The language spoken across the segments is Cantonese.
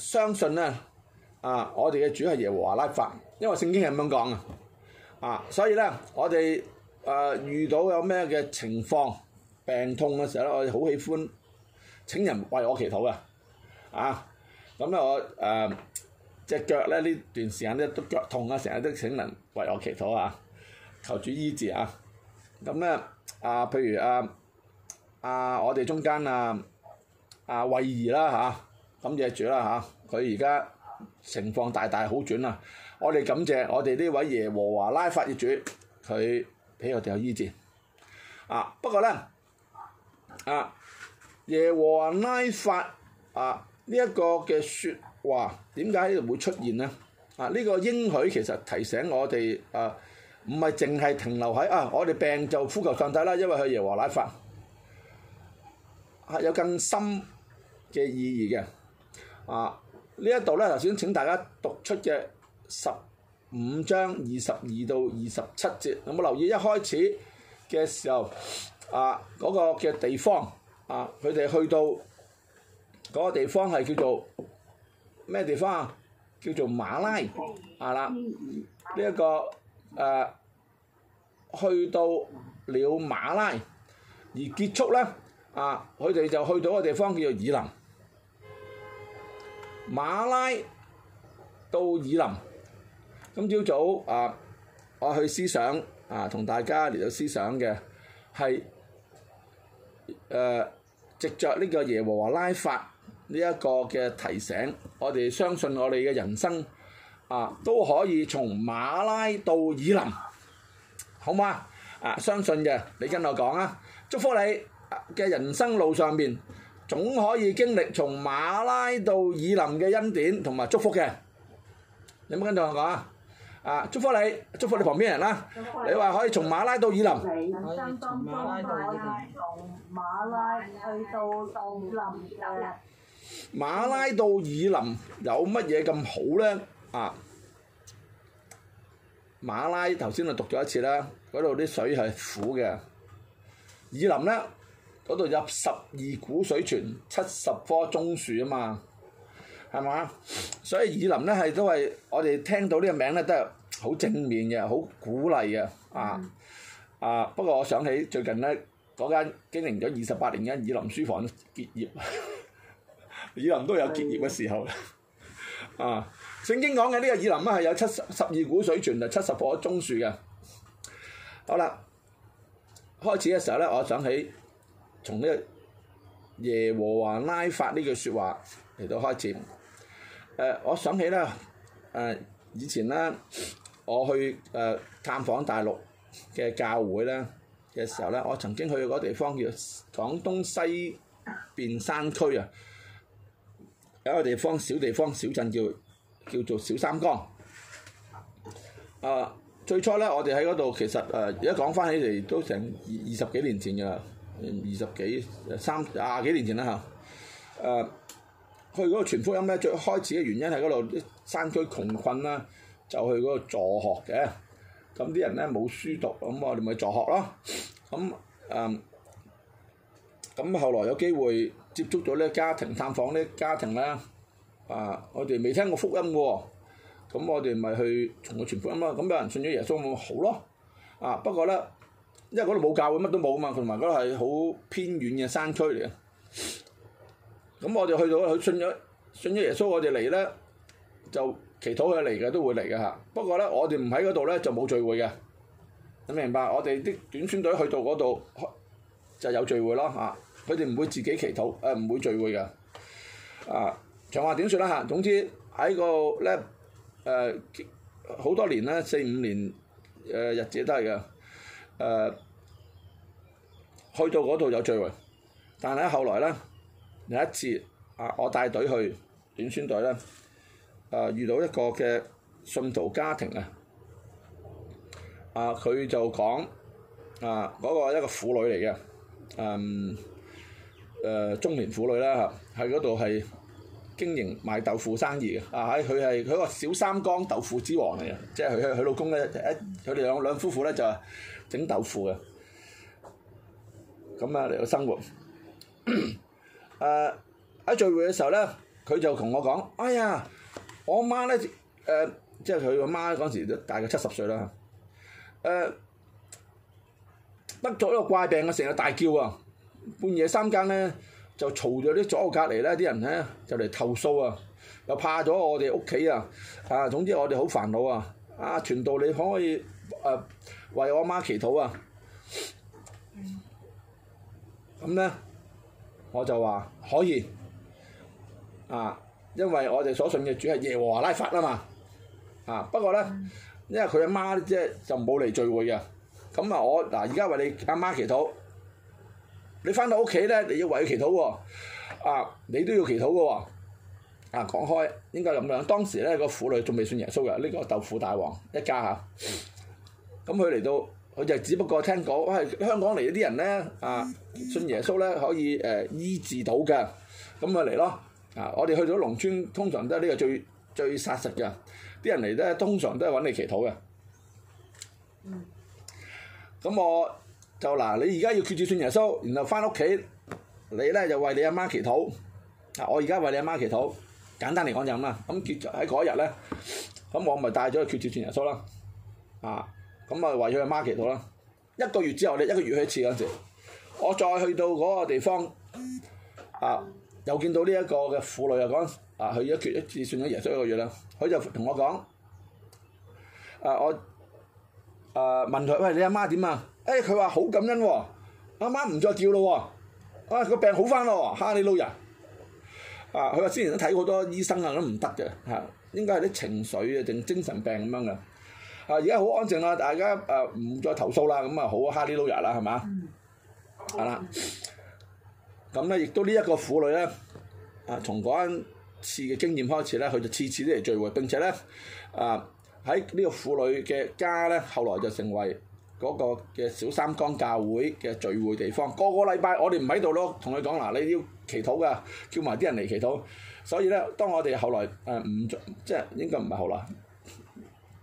相信咧，啊，我哋嘅主係耶和華拉，拉法，因為聖經係咁樣講嘅，啊，所以咧，我哋誒、呃、遇到有咩嘅情況、病痛嘅時候咧，我哋好喜歡請人為我祈禱嘅，啊，咁咧我誒隻、呃、腳咧呢段時間咧都腳痛啊，成日都請人為我祈禱啊，求主醫治啊，咁咧啊，譬如啊啊，我哋中間啊啊惠兒啦嚇。咁謝主啦、啊、嚇，佢而家情況大大好轉啦！我哋感謝我哋呢位耶和華拉法嘅主，佢俾我哋有意治。啊，不過咧，啊耶和華拉法啊呢一、這個嘅說話點解會出現呢？啊呢、這個應許其實提醒我哋啊，唔係淨係停留喺啊我哋病就呼求上帝啦，因為佢耶和華拉法、啊、有更深嘅意義嘅。啊！呢一度咧，頭先請大家讀出嘅十五章二十二到二十七節，有冇留意一開始嘅時候啊？嗰、那個嘅地方啊，佢哋去到嗰個地方係叫做咩地方啊？叫做馬拉啊啦！呢、這、一個誒、啊、去到了馬拉，而結束咧啊，佢哋就去到個地方叫做以琳。馬拉到以林，今朝早啊，我去思想啊，同大家嚟到思想嘅，係誒藉著呢個耶和華拉法呢一個嘅提醒，我哋相信我哋嘅人生啊都可以從馬拉到以林，好嗎？啊，相信嘅，你跟我講啊，祝福你嘅人生路上面。總可以經歷從馬拉到以林嘅恩典同埋祝福嘅，你有冇跟住我講啊？啊，祝福你，祝福你旁邊人啦。你話可以從馬拉到以林，馬拉到以林有乜嘢咁好呢？啊，馬拉頭先我讀咗一次啦，嗰度啲水係苦嘅，以林呢。嗰度有十二股水泉，七十棵棕樹啊嘛，係嘛？所以以琳咧係都係我哋聽到呢個名咧都係好正面嘅，好鼓勵嘅啊、嗯、啊！不過我想起最近咧嗰間經營咗二十八年嘅以琳書房結業，以 琳都有結業嘅時候的啊！聖經講嘅呢個以琳咧係有七十十二股水泉同七十棵棕樹嘅，好啦，開始嘅時候咧，我想起。從呢個耶和華拉法呢句説話嚟到開始，誒、呃，我想起咧，誒、呃，以前咧，我去誒、呃、探訪大陸嘅教會咧嘅時候咧，我曾經去過個地方叫廣東西邊山區啊，有一個地方小地方小鎮叫叫做小三江。啊、呃，最初咧，我哋喺嗰度其實而家講翻起嚟都成二二十幾年前㗎喇。二十幾、三十幾年前啦嚇，誒、啊，去嗰個傳福音咧，最開始嘅原因係嗰度山區窮困啦，就去嗰個助學嘅。咁、啊、啲人咧冇書讀，咁我哋咪助學咯。咁、啊、誒，咁、啊、後來有機會接觸咗呢個家庭探訪呢個家庭啦。啊，我哋未聽過福音喎，咁、啊、我哋咪去傳福音咯。咁、啊、有人信咗耶穌，好咯。啊，不過咧。因為嗰度冇教會，乜都冇啊嘛，同埋嗰度係好偏遠嘅山區嚟嘅，咁我哋去到佢信咗信咗耶穌，我哋嚟咧就祈禱佢嚟嘅都會嚟嘅嚇。不過咧，我哋唔喺嗰度咧就冇聚會嘅，你明白？我哋啲短宣隊去到嗰度就有聚會咯嚇，佢哋唔會自己祈禱，誒、呃、唔會聚會嘅。啊，長話點算啦嚇？總之喺、這個咧誒好多年啦，四五年誒、呃、日子都係嘅誒。呃去到嗰度有聚會，但係後來咧，有一次啊，我帶隊去短宣隊咧，誒遇到一個嘅信徒家庭啊，啊佢就講啊嗰個一個婦女嚟嘅，嗯誒中年婦女啦，喺嗰度係經營賣豆腐生意嘅，啊喺佢係佢一個小三江豆腐之王嚟嘅。即係佢佢老公咧一佢哋兩兩夫婦咧就整豆腐嘅。咁啊，嚟到生活，誒喺、 呃、聚會嘅時候咧，佢就同我講：哎呀，我媽咧，誒、呃，即係佢個媽嗰陣時都大約七十歲啦，誒、呃，得咗呢個怪病啊，成日大叫啊，半夜三更咧就嘈咗啲左隔離咧啲人咧就嚟投訴啊，又怕咗我哋屋企啊，啊，總之我哋好煩惱啊，阿傳道，你可唔可以誒、呃、為我媽祈禱啊？咁咧、嗯，我就話可以啊，因為我哋所信嘅主係耶和華拉法啦嘛啊！不過咧，因為佢阿媽即係就冇嚟聚會嘅，咁啊我嗱而家為你阿媽，媽祈禱。你翻到屋企咧，你要為佢祈禱喎。啊，你都要祈禱嘅喎。啊，講開應該咁樣。當時咧，嗰個婦女仲未算耶穌嘅，呢、呢個豆腐大王一家嚇。咁佢嚟到。我就只不過聽講，係香港嚟啲人咧，啊，信耶穌咧可以誒、呃、醫治到嘅，咁咪嚟咯。啊，我哋去到農村，通常都係呢個最最殺食嘅。啲人嚟咧，通常都係揾你祈禱嘅。嗯。咁我就嗱、啊，你而家要決志信耶穌，然後翻屋企，你咧就為你阿媽祈禱。啊，我而家為你阿媽祈禱。簡單嚟講就咁啦。咁結喺嗰日咧，咁我咪帶咗個決志信耶穌啦。啊。咁啊，為咗佢媽祈禱啦，一個月之後咧，一個月去一次嗰陣，我再去到嗰個地方，啊，又見到呢一個嘅婦女又講啊，佢一決一次信咗耶穌一個月啦，佢就同我講，啊我，啊問佢喂，你阿媽點啊？誒佢話好感恩喎、啊，阿、啊、媽唔再叫咯喎、啊，啊個病好翻咯、啊，哈利路亞啊，佢話之前都睇好多醫生啊，都唔得嘅，嚇、啊、應該係啲情緒啊定精神病咁、啊、樣嘅。」啊！而家好安靜啦，大家誒唔再投訴啦，咁啊好啊哈利路亞啦，係嘛？係啦，咁咧、嗯、的亦都呢一個婦女咧，啊從嗰一次嘅經驗開始咧，佢就次次都嚟聚會，並且咧啊喺呢、呃、個婦女嘅家咧，後來就成為嗰個嘅小三江教會嘅聚會地方。個個禮拜我哋唔喺度咯，同佢講嗱，你要祈禱嘅，叫埋啲人嚟祈禱。所以咧，當我哋後來誒唔即係應該唔係後來。呃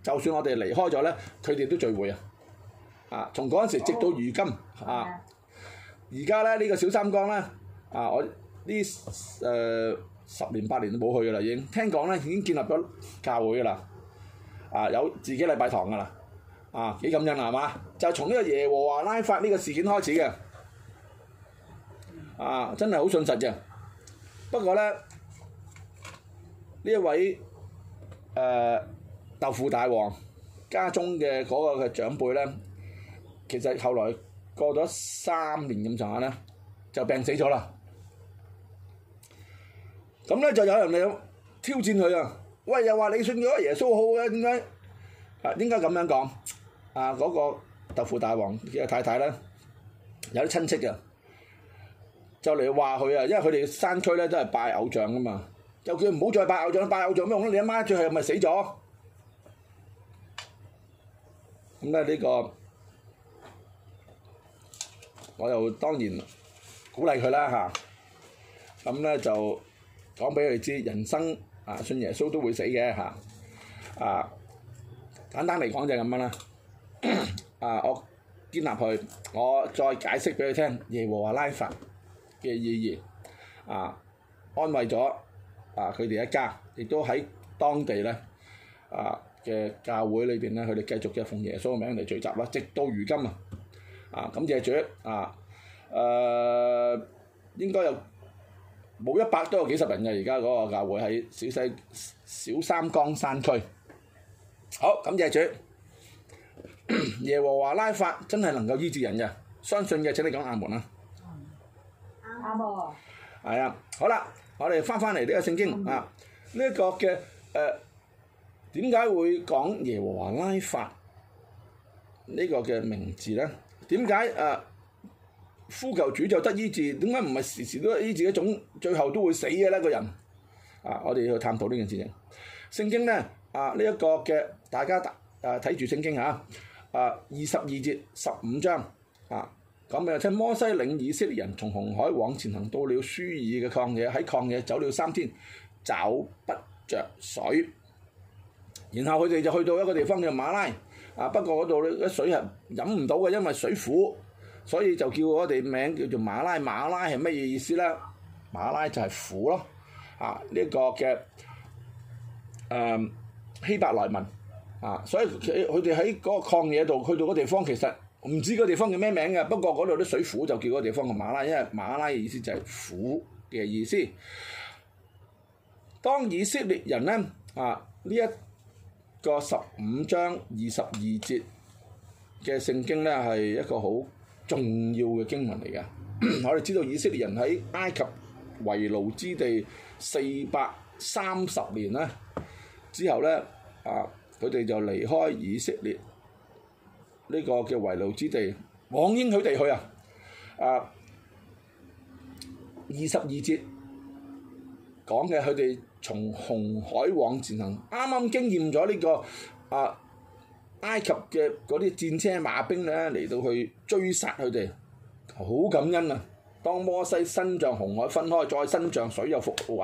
就算我哋離開咗咧，佢哋都聚會啊！啊，從嗰陣時直到如今啊，而家咧呢、這個小三江咧啊，我呢誒、呃、十年八年都冇去噶啦，已經聽講咧已經建立咗教會噶啦，啊有自己禮拜堂噶啦，啊幾感恩啊，係嘛？就是、從呢個耶和華拉法呢個事件開始嘅，啊真係好信實嘅。不過咧，呢一位誒。呃豆腐大王家中嘅嗰個嘅長輩咧，其實後來過咗三年咁上下咧，就病死咗啦。咁咧就有人嚟挑戰佢啊！喂，又話你信咗耶穌好嘅點解？啊，應該咁樣講啊！嗰個豆腐大王嘅太太咧，有啲親戚啊，就嚟話佢啊，因為佢哋山區咧都係拜偶像㗎嘛，就叫唔好再拜偶像，拜偶像咩用？你阿媽最後係咪死咗？咁咧呢個，我又當然鼓勵佢啦嚇。咁咧就講俾佢知，人生啊信耶穌都會死嘅嚇。啊，簡單嚟講就係咁樣啦。啊，我建立佢，我再解釋俾佢聽耶和華拉法嘅意義。啊，安慰咗啊佢哋一家，亦都喺當地咧啊，嘅教會裏邊咧，佢哋繼續嘅奉耶穌嘅名嚟聚集啦，直到如今啊！啊，感謝主啊！誒，應該有冇一百都有幾十人嘅，而家嗰個教會喺小西小三江山區。好，感謝主，耶和華拉法真係能夠醫治人嘅，相信嘅請你講阿門啊！阿阿婆。係啊，好啦，我哋翻返嚟呢個聖經啊，呢一個嘅誒。點解會講耶和華拉法呢個嘅名字咧？點解誒呼求主就得醫治？點解唔係時時都醫治一種？最後都會死嘅啦，這個人。啊，我哋要去探討呢件事情。聖經咧啊，呢一個嘅大家睇住聖經嚇。啊，二十二節十五章啊，咁啊聽、啊啊、摩西領以色列人從紅海往前行，到了舒爾嘅曠野，喺曠野走了三天，找不着水。然後佢哋就去到一個地方叫馬拉，啊不過嗰度啲水係飲唔到嘅，因為水苦，所以就叫我哋名叫做馬拉。馬拉係乜嘢意思咧？馬拉就係苦咯，啊呢、這個嘅誒、呃、希伯來文，啊所以佢哋喺嗰個曠野度去到嗰地方，其實唔知嗰地方叫咩名嘅，不過嗰度啲水苦就叫嗰地方叫馬拉，因為馬拉嘅意思就係苦嘅意思。當以色列人咧，啊呢一個十五章二十二節嘅聖經咧係一個好重要嘅經文嚟嘅，我哋知道以色列人喺埃及為奴之地四百三十年咧，之後咧啊，佢哋就離開以色列呢個嘅為奴之地，往應許地去啊！啊，二十二節講嘅佢哋。從紅海往前行，啱啱經驗咗呢個啊埃及嘅嗰啲戰車馬兵咧嚟到去追殺佢哋，好感恩啊！當摩西伸杖紅海分開，再伸杖水又復原，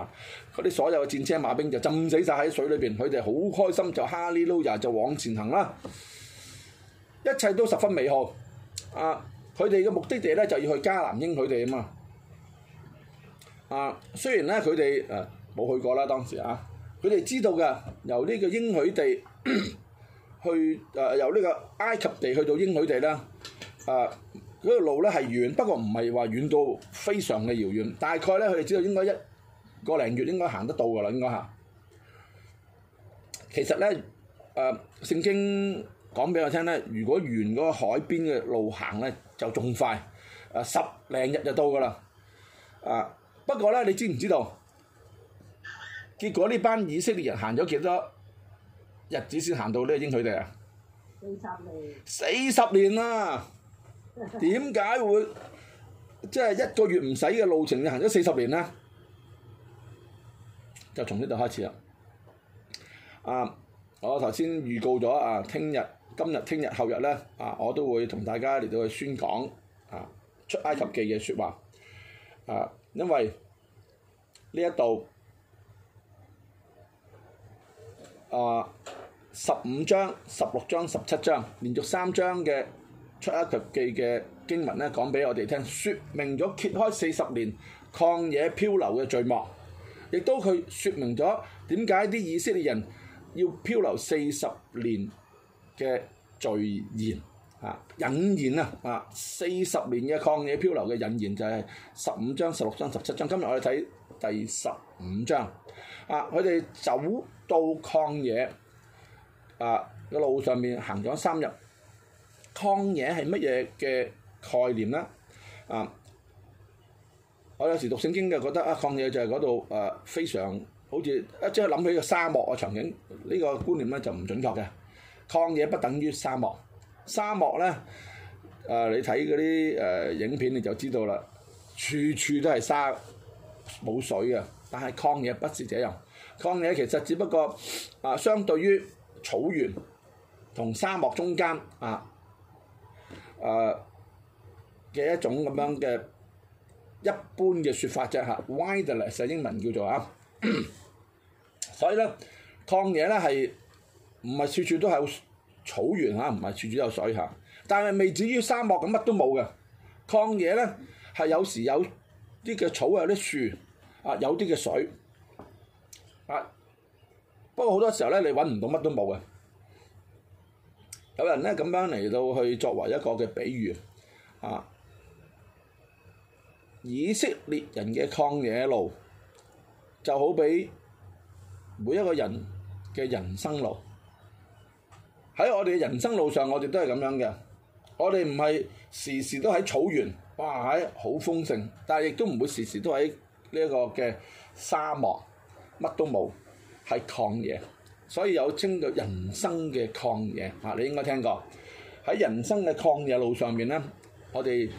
嗰啲所有嘅戰車馬兵就浸死晒喺水裏邊，佢哋好開心就哈利路亞就往前行啦，一切都十分美好。啊，佢哋嘅目的地咧就要去迦南應佢哋啊嘛。啊，雖然咧佢哋誒。冇去過啦，當時啊，佢哋知道嘅由呢個應許地去誒，由呢個埃及地去到應許地啦。誒，嗰條路咧係遠，不過唔係話遠到非常嘅遙遠。大概咧，佢哋知道應該一個零月應該行得到㗎啦，應該吓。其實咧，誒聖經講俾我聽咧，如果沿嗰個海邊嘅路行咧，就仲快誒十零日就到㗎啦。誒，不過咧，你知唔知道？結果呢班以色列人行咗幾多日子先行到呢？應許地啊，四十年。四十年啦，點解會即係、就是、一個月唔使嘅路程，你行咗四十年咧？就從呢度開始啦。啊，我頭先預告咗啊，聽日、今日、聽日、後日咧，啊，我都會同大家嚟到去宣講啊，出埃及記嘅説話啊，因為呢一度。啊！十五章、十六章、十七章，連續三章嘅出埃及記嘅經文咧，講俾我哋聽，説明咗揭開四十年曠野漂流嘅序幕，亦都佢説明咗點解啲以色列人要漂流四十年嘅序言啊，引言啊啊！四十年嘅曠野漂流嘅引言就係十五章、十六章、十七章。今日我哋睇第十五章啊，佢哋走。到曠野啊嘅路上面行咗三日，曠野係乜嘢嘅概念咧？啊，我有時讀聖經就覺得啊，曠野就係嗰度啊，非常好似一即係諗起個沙漠嘅場景，呢個觀念咧就唔準確嘅。曠野不等於沙漠，沙漠咧啊，你睇嗰啲誒影片你就知道啦，處處都係沙冇水嘅，但係曠野不是這樣。曠野其實只不過啊，相對於草原同沙漠中間啊，誒、啊、嘅一種咁樣嘅一般嘅説法啫嚇，wild 咧，實、啊、英文叫做啊。 所以咧，曠野咧係唔係處處都係有草原嚇，唔係處處都有水嚇、啊，但係未至於沙漠咁乜都冇嘅。曠野咧係有時有啲嘅草有啲樹啊，有啲嘅水。啊！不過好多時候咧，你揾唔到乜都冇嘅。有人咧咁樣嚟到去作為一個嘅比喻，啊！以色列人嘅曠野路就好比每一個人嘅人生路。喺我哋嘅人生路上，我，我哋都係咁樣嘅。我哋唔係時時都喺草原，哇！喺、啊、好豐盛，但係亦都唔會時時都喺呢一個嘅沙漠。乜都冇，係曠野，所以有稱作人生嘅曠野嚇，你應該聽過。喺人生嘅曠野路上面咧，我哋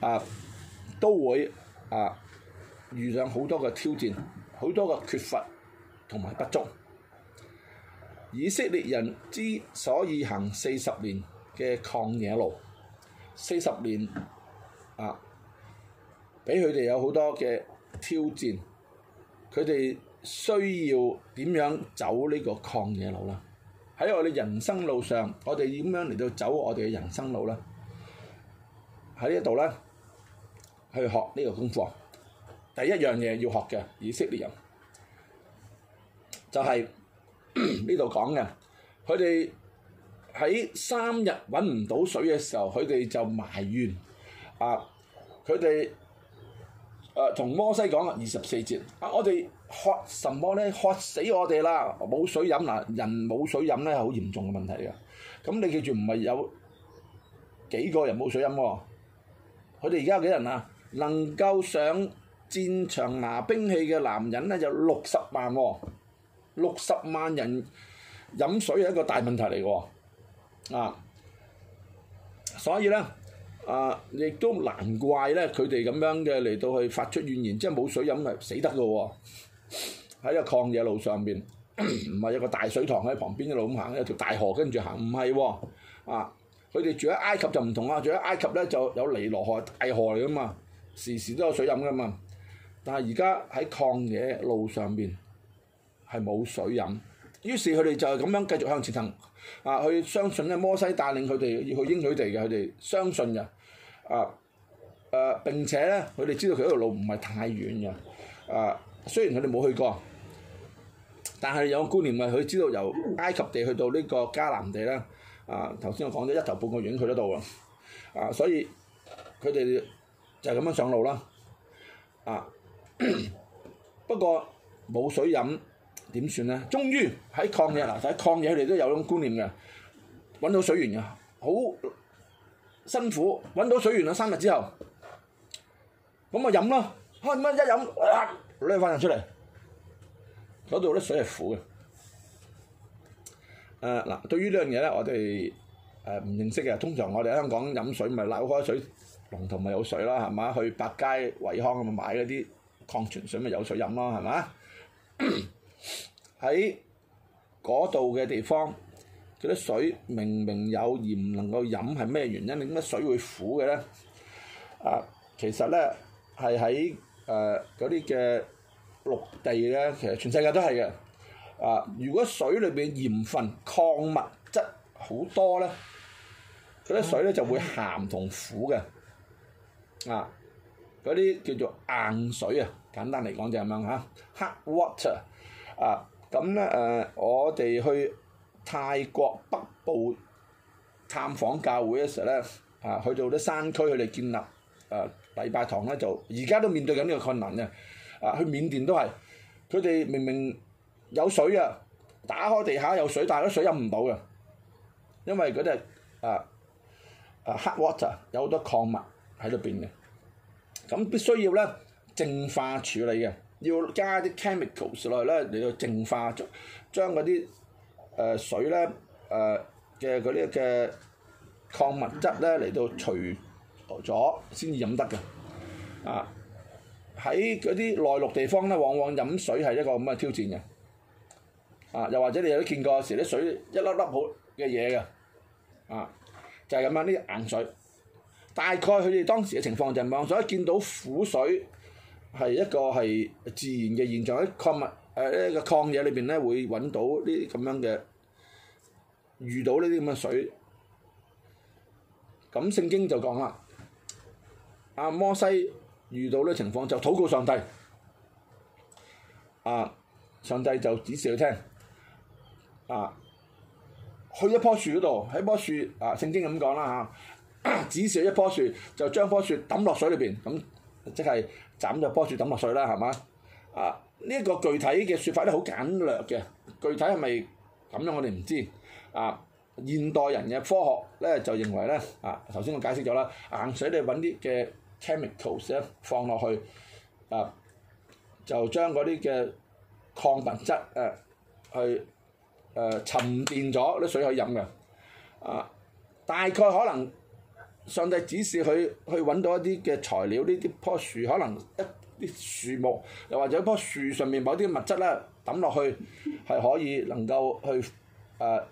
啊都會啊遇上好多嘅挑戰，好多嘅缺乏同埋不足。以色列人之所以行四十年嘅曠野路，四十年啊，俾佢哋有好多嘅挑戰，佢哋。需要點樣走呢個曠野路啦？喺我哋人生路上，我哋點樣嚟到走我哋嘅人生路咧？喺呢一度咧，去學呢個功課。第一樣嘢要學嘅，以色列人，就係呢度講嘅。佢哋喺三日搵唔到水嘅時候，佢哋就埋怨啊！佢哋誒，同、呃、摩西講啊，二十四節啊，我哋渴什麼咧？渴死我哋啦！冇水飲啦，人冇水飲咧，係好嚴重嘅問題嘅。咁你記住唔係有幾個人冇水飲喎、哦？佢哋而家有幾人啊？能夠上戰場拿兵器嘅男人咧，就六十萬喎、哦。六十萬人飲水係一個大問題嚟嘅喎，啊，所以咧。啊！亦都難怪咧，佢哋咁樣嘅嚟到去發出怨言，即係冇水飲係，死得噶喎、哦！喺個曠野路上邊，唔係有一個大水塘喺旁邊一路咁行，有條大河跟住行，唔係喎。啊！佢哋住喺埃及就唔同啦，住喺埃及咧就有尼羅河大河嚟噶嘛，時時都有水飲噶嘛。但係而家喺曠野路上邊係冇水飲，於是佢哋就係咁樣繼續向前行。啊！去相信咧，摩西帶領佢哋要去應許地嘅，佢哋相信嘅。啊！誒、啊、並且咧，佢哋知道佢嗰條路唔係太遠嘅。啊，雖然佢哋冇去過，但係有個觀念，咪佢知道由埃及地去到呢個迦南地咧。啊，頭先我講咗一頭半個遠，去得到啦。啊，所以佢哋就係咁樣上路啦。啊， 不過冇水飲點算咧？終於喺曠野，嗱、就係，喺曠野佢哋都有種觀念嘅，揾到水源㗎，好～辛苦揾到水源啦，三日之後，咁啊飲咯，嚇點解一飲，唓、啊，攞嚟發出嚟，嗰度啲水係苦嘅。誒、呃、嗱，對於呢樣嘢咧，我哋誒唔認識嘅。通常我哋喺香港飲水，咪扭開水龍頭咪有水啦，係嘛？去百佳、惠康咁啊買嗰啲礦泉水，咪有水飲咯，係嘛？喺嗰度嘅地方。嗰啲水明明有而唔能夠飲係咩原因？點解水會苦嘅咧？啊，其實咧係喺誒嗰啲嘅陸地咧，其實全世界都係嘅。啊，如果水裏邊鹽分礦物質好多咧，嗰啲水咧就會鹹同苦嘅。啊，嗰啲叫做硬水啊，簡單嚟講就係咁樣嚇，hard water。啊，咁咧誒，我哋去。泰國北部探訪教會嘅時候咧，啊，去到啲山區，佢哋建立誒、呃、禮拜堂咧，就而家都面對緊呢個困難嘅。啊、呃，去緬甸都係，佢哋明明有水啊，打開地下有水，但係啲水飲唔到嘅，因為嗰啲係誒黑 water，有好多礦物喺度邊嘅。咁必須要咧淨化處理嘅，要加啲 chemicals 落去咧嚟到淨化，將嗰啲。誒、呃、水咧，誒嘅嗰啲嘅礦物質咧嚟到除咗先至飲得嘅，啊喺嗰啲內陸地方咧，往往飲水係一個咁嘅挑戰嘅，啊又或者你有啲見過有時啲水一粒粒好嘅嘢嘅，啊就係咁樣呢啲硬水，大概佢哋當時嘅情況就係咁樣，所以見到苦水係一個係自然嘅現象，啲礦物。誒咧、啊，這個曠野裏邊咧會揾到呢啲咁樣嘅，遇到呢啲咁嘅水，咁、啊、聖經就講啦，阿、啊、摩西遇到呢情況就禱告上帝，啊，上帝就指示佢聽，啊，去一棵樹嗰度，喺樖樹，啊聖經咁講啦嚇，指示一棵樹就將樖樹抌落水裏邊，咁即係斬咗樖樹抌落水啦，係嘛，啊。呢一個具體嘅説法咧，好簡略嘅，具體係咪咁樣我哋唔知啊。現代人嘅科學咧就認為咧啊，頭先我解釋咗啦，硬水你揾啲嘅 chemicals 放落去啊，就將嗰啲嘅礦物質誒去誒、啊、沉澱咗，啲水可以飲嘅啊。大概可能上帝指示佢去揾到一啲嘅材料，呢啲棵樹可能一。啲樹木，又或者一樖樹上面某啲物質咧，抌落去，係可以能夠去誒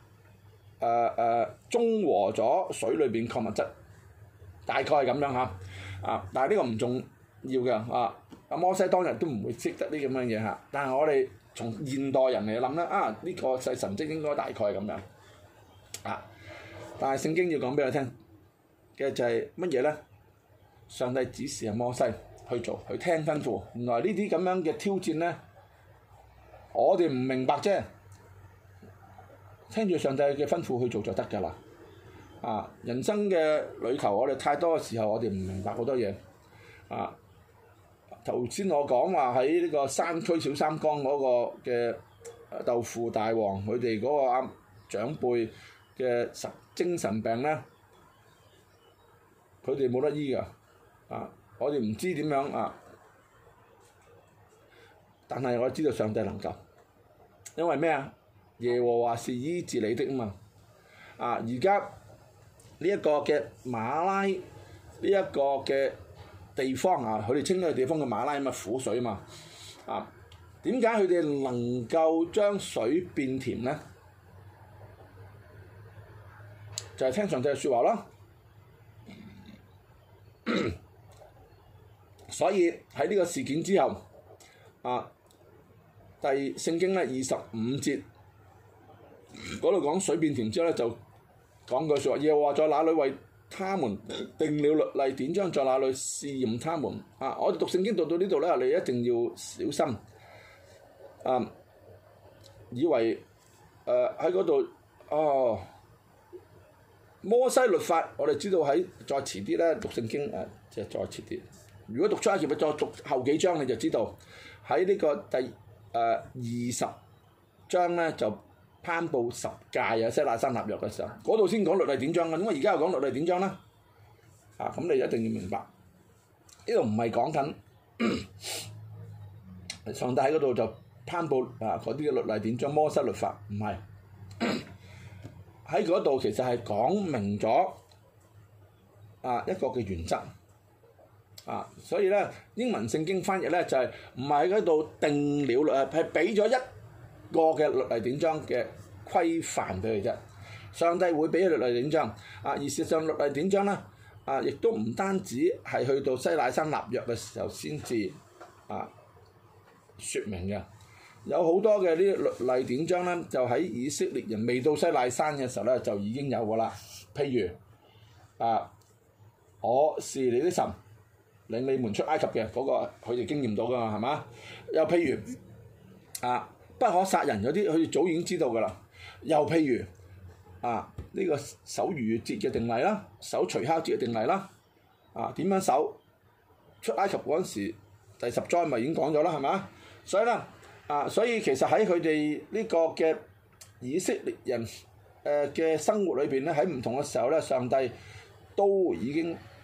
誒誒中和咗水裏邊礦物質，大概係咁樣嚇。啊！但係呢個唔重要嘅啊。阿摩西當日都唔會識得啲咁嘅嘢嚇，但係我哋從現代人嚟諗咧，啊呢個世神蹟應該大概係咁樣。啊！但係聖經要講俾我聽嘅就係乜嘢咧？上帝指示阿摩西。去做去聽吩咐，原來呢啲咁樣嘅挑戰咧，我哋唔明白啫。聽住上帝嘅吩咐去做就得㗎啦。啊，人生嘅旅途，我哋太多嘅時候，我哋唔明白好多嘢。啊，頭先我講話喺呢個山區小三江嗰個嘅豆腐大王，佢哋嗰個阿長輩嘅神精神病咧，佢哋冇得醫㗎。啊！我哋唔知點樣啊，但係我知道上帝能夠，因為咩啊？耶和華是醫治你的啊嘛，啊而家呢一個嘅馬拉呢一、這個嘅地方啊，佢哋稱呢個地方嘅馬拉咁啊苦水啊嘛，啊點解佢哋能夠將水變甜咧？就係、是、聽上帝嘅説話囉。所以喺呢個事件之後，啊，第二聖經咧二十五節嗰度講水變甜之後咧，就講句説話：又話在哪裏為他們定了律例典章，在哪裏試驗他們？啊！我哋讀聖經讀到呢度咧，你一定要小心啊！以為誒喺嗰度哦，摩西律法，我哋知道喺再遲啲咧讀聖經誒，即、啊、係再遲啲。如果讀出埃及記咪再讀後幾章，你就知道喺呢個第誒二十章咧就頒布十誡啊，西奈山立約嘅時候，嗰度先講律例典章嘅，咁我而家又講律例典章啦，啊咁你一定要明白，呢度唔係講緊上帝喺嗰度就頒布啊嗰啲嘅律例典章摩西律法，唔係喺嗰度，其實係講明咗啊一個嘅原則。啊，所以咧，英文聖經翻譯咧就係唔係喺度定了啊，係俾咗一個嘅律例典章嘅規範俾佢啫。上帝會俾個律例典章啊，而事實上律例典章咧啊，亦都唔單止係去到西奈山立約嘅時候先至啊説明嘅。有好多嘅呢律例典章咧，就喺以色列人未到西奈山嘅時候咧，就已經有㗎啦。譬如啊，我是你的神。領你們出埃及嘅嗰個，佢哋經驗到噶嘛，係嘛？又譬如啊，不可殺人嗰啲，佢哋早已經知道噶啦。又譬如啊，呢個守逾越節嘅定例啦，守除酵節嘅定例啦，啊點樣守出埃及嗰陣時，第十災咪已經講咗啦，係嘛？所以啦，啊，所以其實喺佢哋呢個嘅以色列人誒嘅生活裏邊咧，喺唔同嘅時候咧，上帝都已經。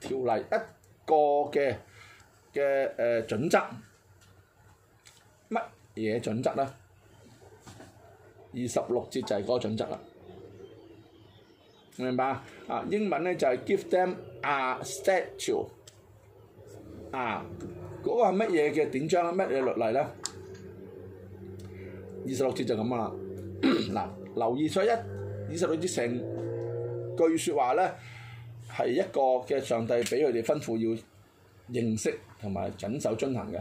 條例一個嘅嘅誒準則，乜嘢準則咧？二十六節就係嗰個準則啦，明唔明白啊？啊，英文咧就係 give them a statute，啊，嗰個係乜嘢嘅典章咧？乜嘢律例咧？二十六節就咁啊！嗱，留意出一二十六節成句説話咧。係一個嘅上帝俾佢哋吩咐要認識同埋遵守遵行嘅，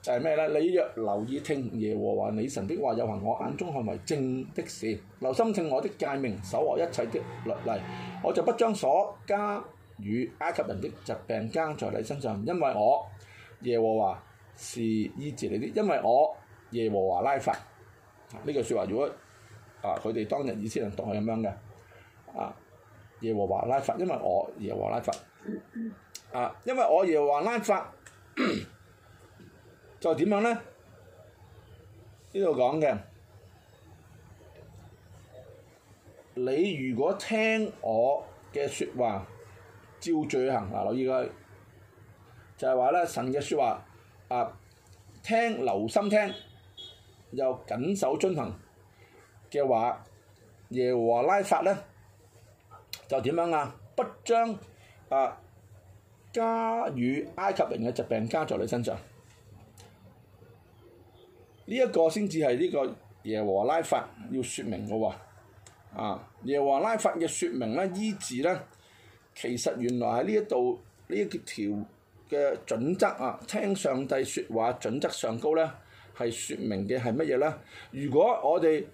就係咩咧？你若留意聽耶和華你神的話，又行我眼中看為正的事，留心聽我的誡命，守我一切的律例，我就不將所加與埃及人的疾病加在你身上，因為我耶和華是醫治你的，因為我耶和華拉法。呢句説話如果啊佢哋當日以色列人讀係咁樣嘅，啊。耶和華拉法，因為我耶和華拉法啊，因為我耶和華拉法， 就點樣咧？呢度講嘅，你如果聽我嘅説話，照住行嗱，啊、留意佢，就係話咧，神嘅説話啊，聽留心聽，又緊守遵行嘅話，耶和華拉法咧。就點樣啊？不將啊加與埃及人嘅疾病加在你身上，呢一個先至係呢個耶和拉法要説明嘅喎、啊。啊，耶和拉法嘅説明咧，醫治咧，其實原來喺呢一度呢一條嘅準則啊，聽上帝説話準則上高咧，係説明嘅係乜嘢咧？如果我哋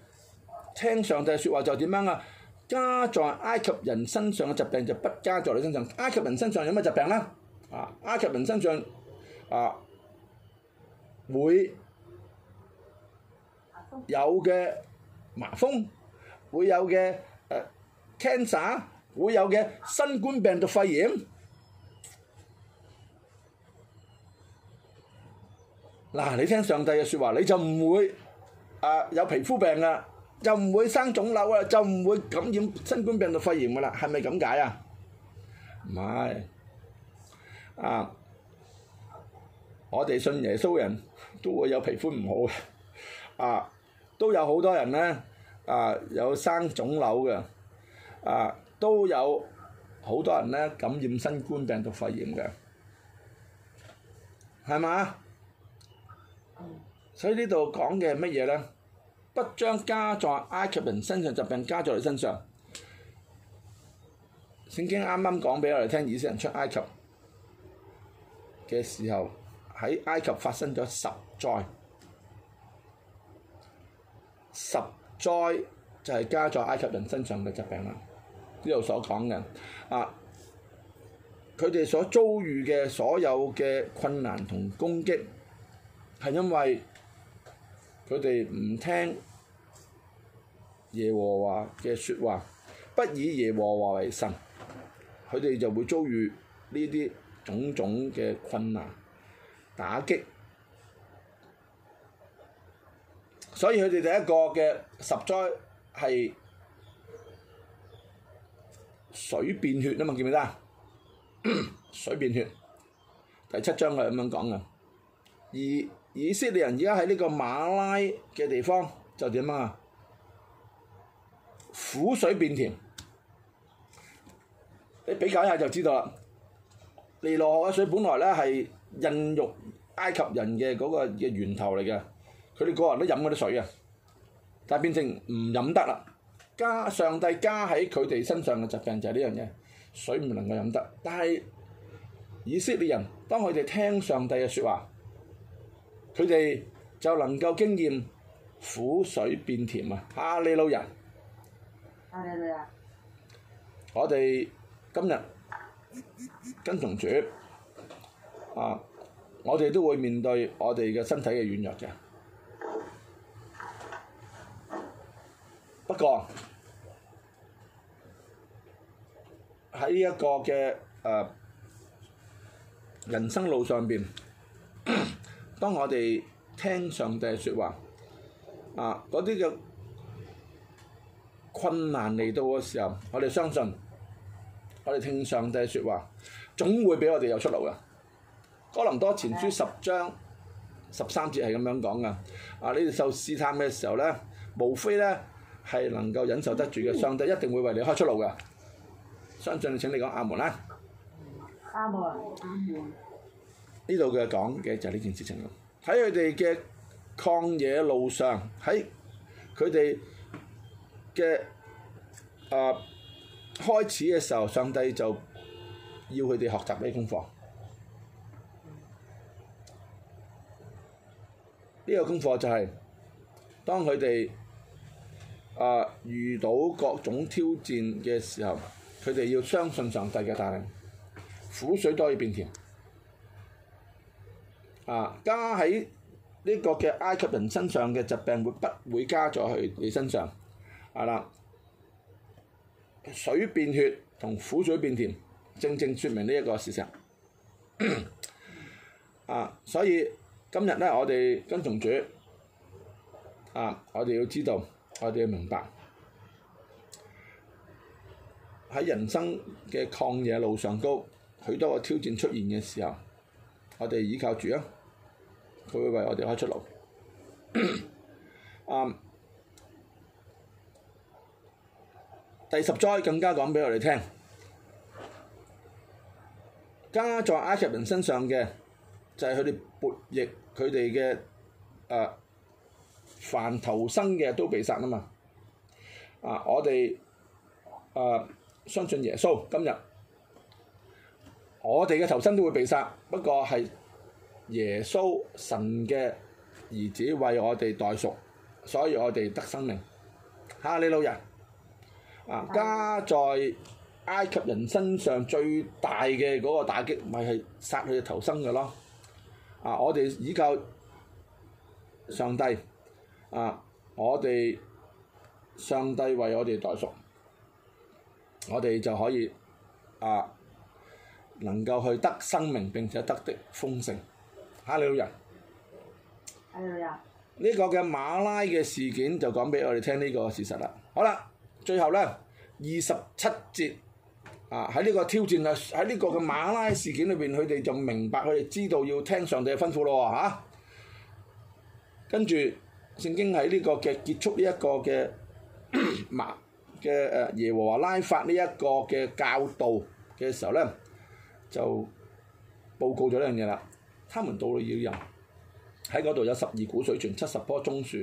聽上帝説話就點樣啊？加在埃及人身上嘅疾病，就不加在你身上。埃及人身上有乜疾病咧？啊，埃及人身上啊會有嘅麻風，會有嘅誒 cancer，會有嘅、呃、新冠病毒肺炎。嗱、啊，你聽上帝嘅說話，你就唔會啊有皮膚病㗎。就唔會生腫瘤啊！就唔會感染新冠病毒肺炎噶啦，係咪咁解啊？唔係啊！我哋信耶穌人都會有皮膚唔好嘅啊，都有好多人咧啊有生腫瘤嘅啊，都有好多人咧感染新冠病毒肺炎嘅，係咪啊？所以呢度講嘅係乜嘢咧？不將加在埃及人身上疾病加在你身上。聖經啱啱講俾我哋聽，以色列出埃及嘅時候，喺埃及發生咗十災，十災就係加在埃及人身上嘅疾病啦。呢度所講嘅，啊，佢哋所遭遇嘅所有嘅困難同攻擊，係因為。佢哋唔聽耶和華嘅説話，不以耶和華為神，佢哋就會遭遇呢啲種種嘅困難、打擊。所以佢哋第一個嘅十災係水變血啊嘛，記唔記得？水變血，第七章係咁樣講嘅，二。以色列人而家喺呢個馬拉嘅地方就點啊？苦水變甜，你比較一下就知道啦。尼羅河嘅水本來咧係孕育埃及人嘅嗰個嘅源頭嚟嘅，佢哋個個都飲嗰啲水啊，但係變成唔飲得啦。加上帝加喺佢哋身上嘅疾病就係呢樣嘢，水唔能夠飲得。但係以色列人當佢哋聽上帝嘅説話。佢哋就能夠經驗苦水變甜啊！啊，你老人，我哋今日跟從主啊，我哋都會面對我哋嘅身體嘅軟弱嘅，不過喺呢一個嘅誒人生路上邊。當我哋聽上帝説話，啊，嗰啲嘅困難嚟到嘅時候，我哋相信，我哋聽上帝説話，總會俾我哋有出路嘅。哥林多前書十章十三節係咁樣講噶，啊，你哋受試探嘅時候咧，無非咧係能夠忍受得住嘅，上帝一定會為你開出路嘅。相信請你講阿門啦。阿門、嗯，阿門。嗯。呢度嘅講嘅就係呢件事情啦。喺佢哋嘅曠野路上，喺佢哋嘅啊開始嘅時候，上帝就要佢哋學習呢功課。呢個功課、這個、就係、是、當佢哋啊遇到各種挑戰嘅時候，佢哋要相信上帝嘅帶領。苦水都可以變甜。啊！加喺呢個嘅埃及人身上嘅疾病會不會加咗去你身上？係、啊、啦，水變血同苦水變甜，正正說明呢一個事實。 啊！所以今日咧，我哋跟從主，啊！我哋要知道，我哋要明白喺人生嘅曠野路上高，許多嘅挑戰出現嘅時候，我哋依靠主。啊！佢會為我哋開出路。啊，第十災更加講俾我哋聽，加在埃及人身上嘅就係佢哋悖逆，佢哋嘅誒凡頭生嘅都被殺啊嘛。啊，我哋誒相信耶穌，今日我哋嘅頭生都會被殺，不過係。耶穌神嘅兒子為我哋代贖，所以我哋得生命。哈、啊、利老人啊，加在埃及人身上最大嘅嗰個打擊，咪係殺去頭生嘅咯。啊！我哋依靠上帝啊，我哋上帝為我哋代贖，我哋就可以啊能夠去得生命，並且得，得的豐盛。哈利路亞，哈利路亞，呢個嘅馬拉嘅事件就講俾我哋聽呢個事實啦。好啦，最後咧二十七節啊，喺呢個挑戰啊，喺呢個嘅馬拉事件裏邊，佢哋就明白，佢哋知道要聽上帝嘅吩咐咯嚇。跟住聖經喺呢個嘅結束呢一個嘅馬嘅誒耶和華拉法呢一個嘅教導嘅時候咧，就報告咗呢樣嘢啦。他們到了以琳，喺嗰度有十二股水泉、七十棵棕樹，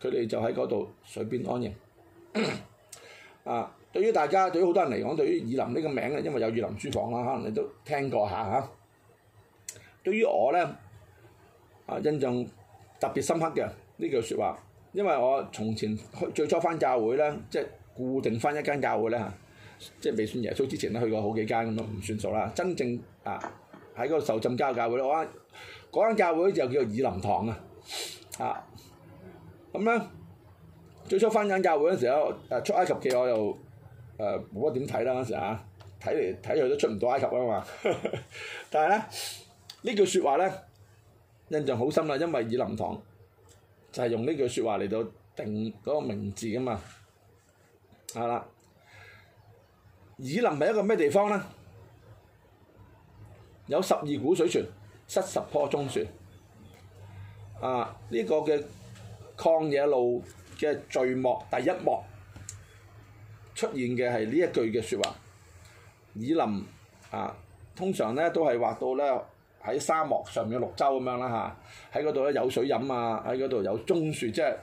佢哋就喺嗰度水邊安營。 啊，對於大家對於好多人嚟講，對於以琳呢個名咧，因為有以琳書房啦，可能你都聽過下嚇、啊。對於我咧，啊印象特別深刻嘅呢句説話，因為我從前去最初返教會咧，即係固定返一間教會咧嚇，即係未算耶穌之前咧去過好幾間咁都唔算數啦。真正啊～喺嗰個受浸教教會咧，嗰間教會就叫做以琳堂啊，啊，咁、嗯、咧最初翻緊教會嗰陣時咧，啊，出埃及記我又誒冇乜點睇啦嗰陣時啊，睇嚟睇去都出唔到埃及啊嘛，呵呵，但係咧呢句説話咧印象好深啦，因為以琳堂就係、是、用呢句説話嚟到定嗰個名字噶嘛，係、啊、啦、啊，以琳係一個咩地方咧？有十二股水泉，七十棵棕樹。啊，呢、這個嘅曠野路嘅序幕第一幕出現嘅係呢一句嘅説話。以林啊，通常咧都係話到咧喺沙漠上面嘅綠洲咁樣啦嚇，喺嗰度咧有水飲啊，喺嗰度有棕樹，即係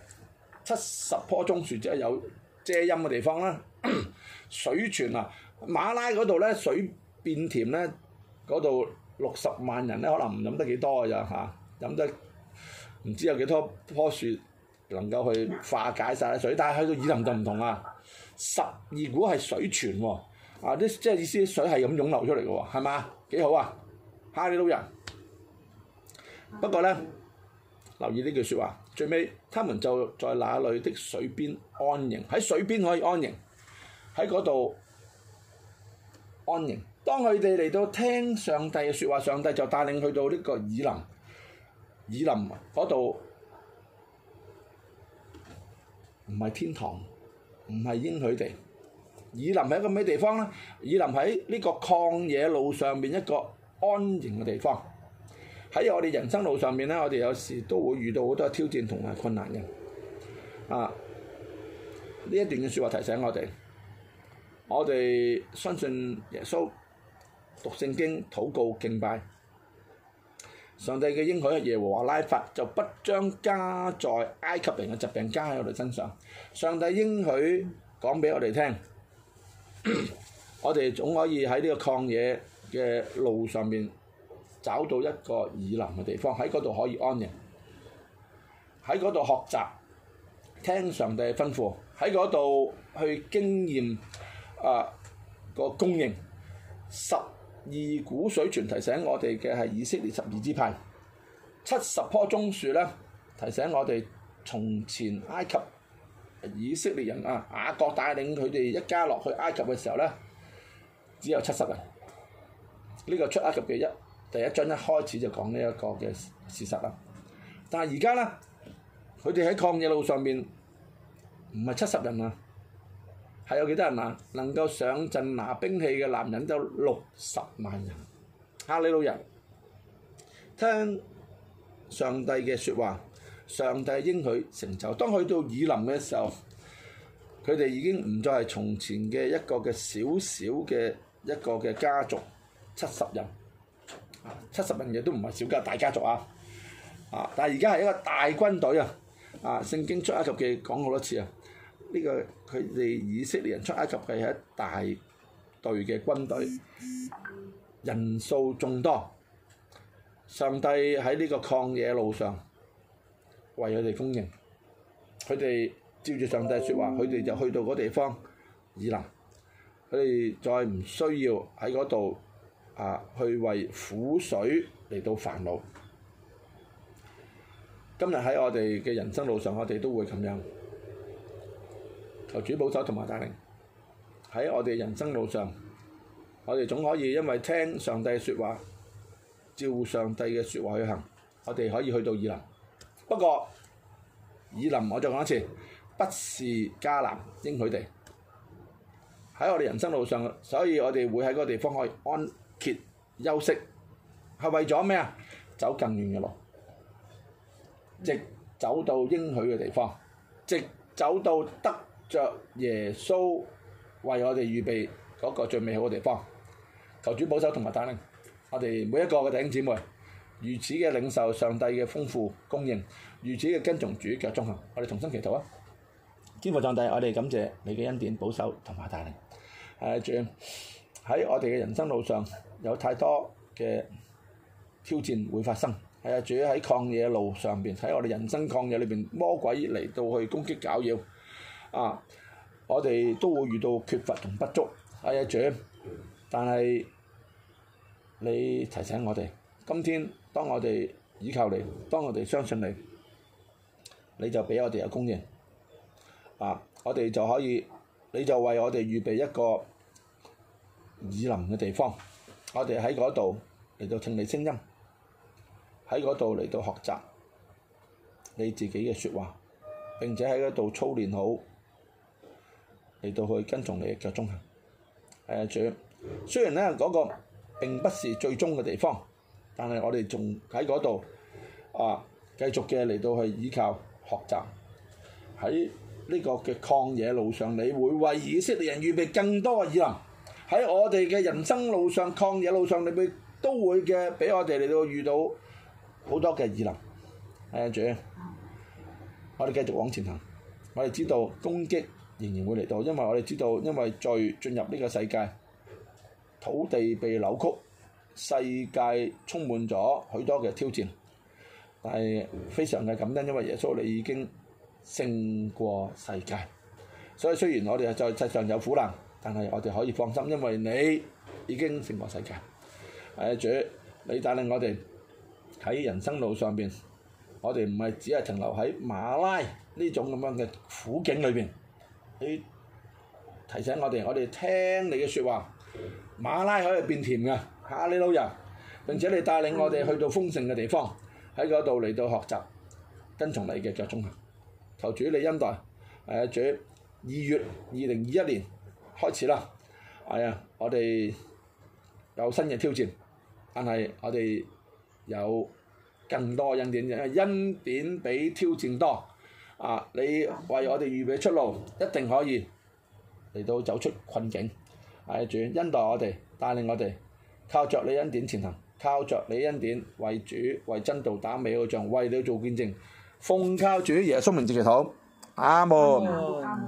七十棵棕樹即係有遮陰嘅地方啦。水泉啊，馬拉嗰度咧水變甜咧。嗰度六十萬人咧，可能唔飲得幾多㗎咋嚇？飲、啊、得唔知有幾多棵樹能夠去化解晒水，但係去到以琳就唔同啦。十二股係水泉喎，啊，即係意思，水係咁湧流出嚟嘅喎，係嘛？幾好啊，哈你老人。不過咧， 留意呢句説話，最尾他們就在那裏的水邊安營。喺水邊可以安營，喺嗰度安營。當佢哋嚟到聽上帝嘅説話，上帝就帶領佢哋去到呢個以林，以林嗰度唔係天堂，唔係應佢哋。以林係一個咩地方咧？以林喺呢個曠野路上面一個安營嘅地方。喺我哋人生路上面咧，我哋有時都會遇到好多挑戰同埋困難嘅。啊，呢一段嘅説話提醒我哋，我哋相信耶穌。讀聖經、禱告、敬拜，上帝嘅應許，耶和華拉法就不將加在埃及人嘅疾病加喺我哋身上。上帝應許講俾我哋聽，我哋總可以喺呢個曠野嘅路上面，找到一個以琳嘅地方，喺嗰度可以安營，喺嗰度學習，聽上帝嘅吩咐，喺嗰度去經驗啊個供應十。二股水泉提醒我哋嘅係以色列十二支派，七十棵棕樹咧，提醒我哋從前埃及以色列人啊雅各帶領佢哋一家落去埃及嘅時候咧，只有七十人。呢個出埃及嘅一第一章一開始就講呢一個嘅事實啦。但係而家咧，佢哋喺曠野路上面唔係七十人啊。啊、有幾多人啊？能夠上陣拿兵器嘅男人都六十萬人。亞利路人聽上帝嘅説話，上帝應許成就。當去到以林嘅時候，佢哋已經唔再係從前嘅一個嘅小小嘅一個嘅家族七十人，啊、七十人亦都唔係小家大家族啊。啊！但係而家係一個大軍隊啊！啊！聖經出埃及記講好多次啊！呢、這個佢哋以色列人出埃及嘅係一大隊嘅軍隊，人數眾多。上帝喺呢個曠野路上為佢哋供應，佢哋照住上帝説話，佢哋就去到嗰地方以南。佢哋再唔需要喺嗰度啊去為苦水嚟到煩惱。今日喺我哋嘅人生路上，我哋都會咁樣。求主保守同埋帶領，喺我哋人生路上，我哋總可以因為聽上帝說話，照上帝嘅說話去行，我哋可以去到以琳。不過，以林，我再講一次，不是迦南應許地。喺我哋人生路上，所以我哋會喺嗰個地方可以安歇休息，係為咗咩啊？走更遠嘅路，直走到應許嘅地方，直走到得。着耶穌為我哋預備嗰個最美好嘅地方，求主保守同埋帶領我哋每一個嘅弟兄姊妹，如此嘅領受上帝嘅豐富供應，如此嘅跟從主腳蹤行。我哋重新祈禱啊！天父上帝，我哋感謝你嘅恩典，保守同埋帶領。誒、啊，仲喺我哋嘅人生路上有太多嘅挑戰會發生。誒、啊，主要喺曠野路上邊，喺我哋人生曠野裏邊，魔鬼嚟到去攻擊攪擾。啊！我哋都會遇到缺乏同不足，阿主，但係你提醒我哋，今天當我哋倚靠你，當我哋相信你，你就畀我哋有供應，啊！我哋就可以，你就為我哋預備一個以琳嘅地方，我哋喺嗰度嚟到聽你聲音，喺嗰度嚟到學習你自己嘅説話，並且喺嗰度操練好。嚟到去跟從你嘅忠行，係啊主，雖然咧嗰個並不是最終嘅地方，但係我哋仲喺嗰度啊，繼續嘅嚟到去依靠學習，喺呢個嘅曠野路上，你會為以色列人預備更多嘅試煉，喺我哋嘅人生路上曠野路上，你會都會嘅俾我哋嚟到遇到好多嘅試煉，係啊主，我哋繼續往前行，我哋知道攻擊。仍然會嚟到，因為我哋知道，因為再進入呢個世界，土地被扭曲，世界充滿咗許多嘅挑戰，但係非常嘅感恩，因為耶穌你已經勝過世界，所以雖然我哋在世上有苦難，但係我哋可以放心，因為你已經勝過世界。誒主，你帶領我哋喺人生路上邊，我哋唔係只係停留喺馬拉呢種咁樣嘅苦境裏邊。你提醒我哋，我哋聽你嘅說話，馬拉喺度變甜嘅，吓，你老人。並且你帶領我哋去到豐盛嘅地方，喺度嚟到學習，跟從你嘅腳蹤行，求主你恩待。誒、呃、主，二月二零二一年開始啦。係、哎、啊，我哋有新嘅挑戰，但係我哋有更多恩典，因恩典比挑戰多。啊！你為我哋預備出路，一定可以嚟到走出困境。係、啊、主恩待我哋，帶領我哋，靠着你恩典前行，靠着你恩典為主為真道打美好仗，為你做見證，奉靠主耶穌名字祈禱。阿們。